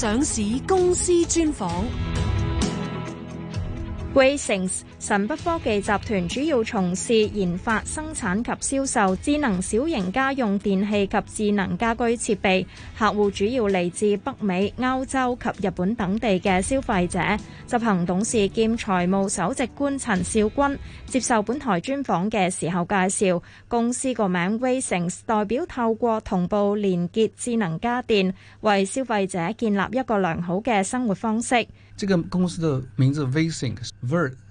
上市公司專訪。神北科技集團主要從事研發、生產及銷售智能小型家用電器及智能家居設備。客戶主要嚟自北美、歐洲及日本等地嘅消費者。執行董事兼財務首席官陳兆軍接受本台專訪嘅時候介紹，公司個名 VeSync 代表透過同步連結智能家電，為消費者建立一個良好嘅生活方式。這個公司的名字 VeSync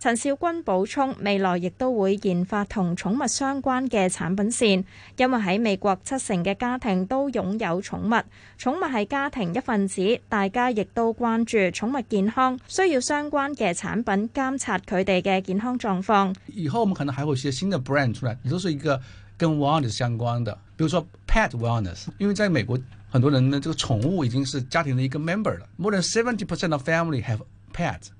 陳兆軍補充：未來亦都會研發同寵物相關嘅產品線，因為喺美國七成嘅家庭都擁有寵物，寵物係家庭一份子，大家亦都關注寵物健康，需要相關嘅產品監察佢哋嘅健康狀況。以後我們可能還會有一些新的 brand 出來，都是一個跟 wellness 相關的，比如說 pet wellness，因為在美國很多人呢，這個寵物已經是家庭的一個 member 了，more than seventy percent of family have pet。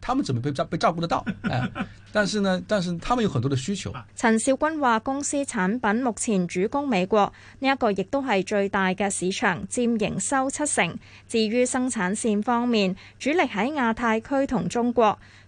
他們怎麼被照被照顧得到？誒，但是呢，但是他們有很多的需求。陳兆軍話，公司產品目前主攻美國呢一個，亦都係最大嘅市場，佔營收七成。至於生產線方面，主力喺亞太區同中國。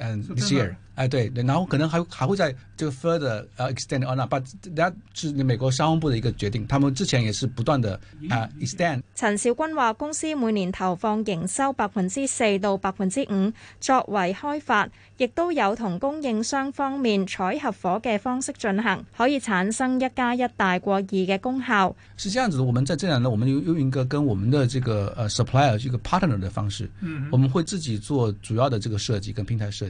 嗯，this year，哎，年嗯、對，然後可能還還會在這個 further 呃 extend on 啊，but that 是美國商務部的一個決定，他們之前也是不斷的啊、uh, extend。陳兆軍話，公司每年投放營收百分之四到百分之五作為開發，亦都有同供應商方面採合伙嘅方式進行，可以產生一加一大過二嘅功效。是這樣子，我們在這兩年我們用用一個跟我們的這個呃 supplier 一個 partner 的方式，嗯，我們會自己做主要的這個設計跟平台設。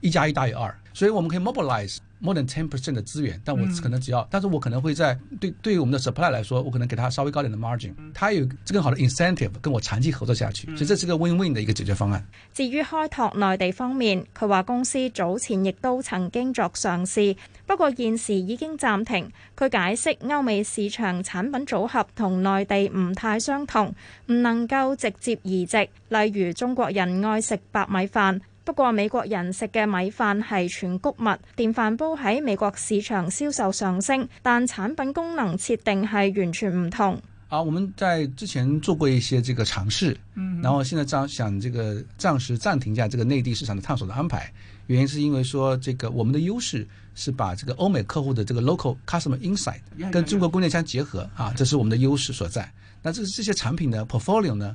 一加一大於二，所以我們可以 mobilize more than ten percent 的資源，但我可能只要，但是我可能會在對對於我們的 supply 來說，我可能給他稍微高點的 margin，他有更好的 incentive 跟我長期合作下去，所以這是個 win-win 的一個解決方案。至於開拓內地方面，佢話公司早前亦都曾經作嘗試，不過現時已經暫停。佢解釋歐美市場產品組合同內地唔太相同，唔能夠直接移植，例如中國人愛食白米飯。不過美國人食嘅米飯係全穀物，電飯煲喺美國市場銷售上升，但產品功能設定係完全唔同。啊，我們在之前做過一些這個嘗試，嗯哼，然後現在暫想這個暫時暫停一下這個內地市場的探索的安排，原因係因為說這個我們的優勢是把這個歐美客戶的這個 local customer insight、嗯、哼跟中國供應相結合，啊，這是我們的優勢所在。那這這些產品的 portfolio 呢？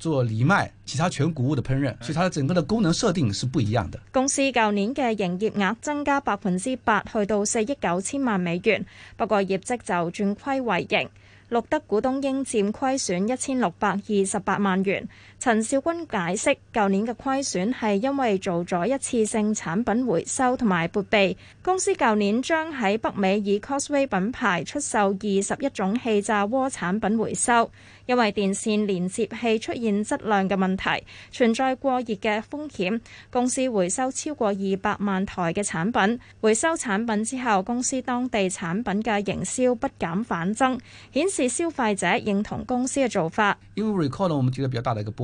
做藜麥，其他全谷物的烹飪，所以它整個的功能設定是不一樣的。公司舊年嘅營業額增加百分之八，去到四億九千萬美元，不過業績就轉虧為盈，錄得股東應佔虧損一千六百二十八萬元。陳兆軍解釋，舊年嘅虧損係因為做咗一次性產品回收同埋撥備。公司舊年將喺北美以、e、Cosway 品牌出售二十一種氣炸鍋產品回收，因為電線連接器出現質量嘅問題，存在過熱嘅風險。公司回收超過二百萬台嘅產品，回收產品之後，公司當地產品嘅營銷不減反增，顯示消費者認同公司嘅做法。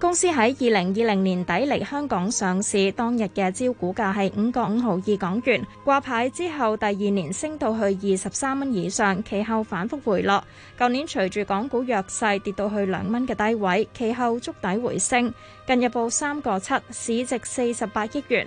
公司喺二零二零年底嚟香港上市，當日嘅招股價係五個五毫二港元。掛牌之後第二年升到去二十三蚊以上，其後反覆回落。舊年隨住港股弱勢跌到去兩蚊嘅低位，其後築底回升。近日報三個七，市值四十八億元。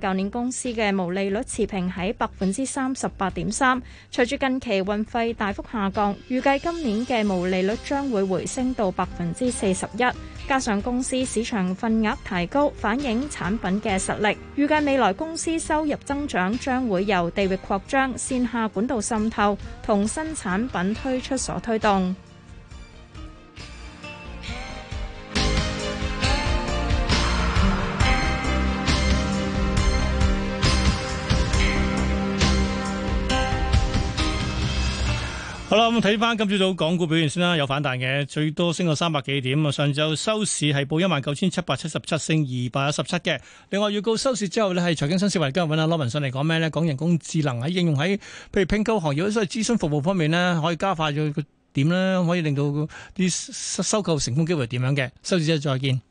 舊年公司嘅毛利率持平喺百分之三十八點三，隨住近期運費大幅下降，預計今年嘅毛利率將會回升到百分之四十一。加上公司市場份額提高，反映產品嘅實力，預計未來公司收入增長將會由地域擴張、線下管道滲透同新產品推出所推動。好啦，咁睇翻今朝早港股表現先啦，有反彈嘅，最多升過三百幾點啊。上晝收市係報一萬九千七百七十七，升二百一十七嘅。另外，預告收市之後呢，係財經新聞台今日揾阿羅文信嚟講咩呢？講人工智能喺應用喺譬如併購行業，或者，諮詢服務方面呢，可以加快咗點啦，可以令到啲收購成功機會點樣嘅？收市之後再見。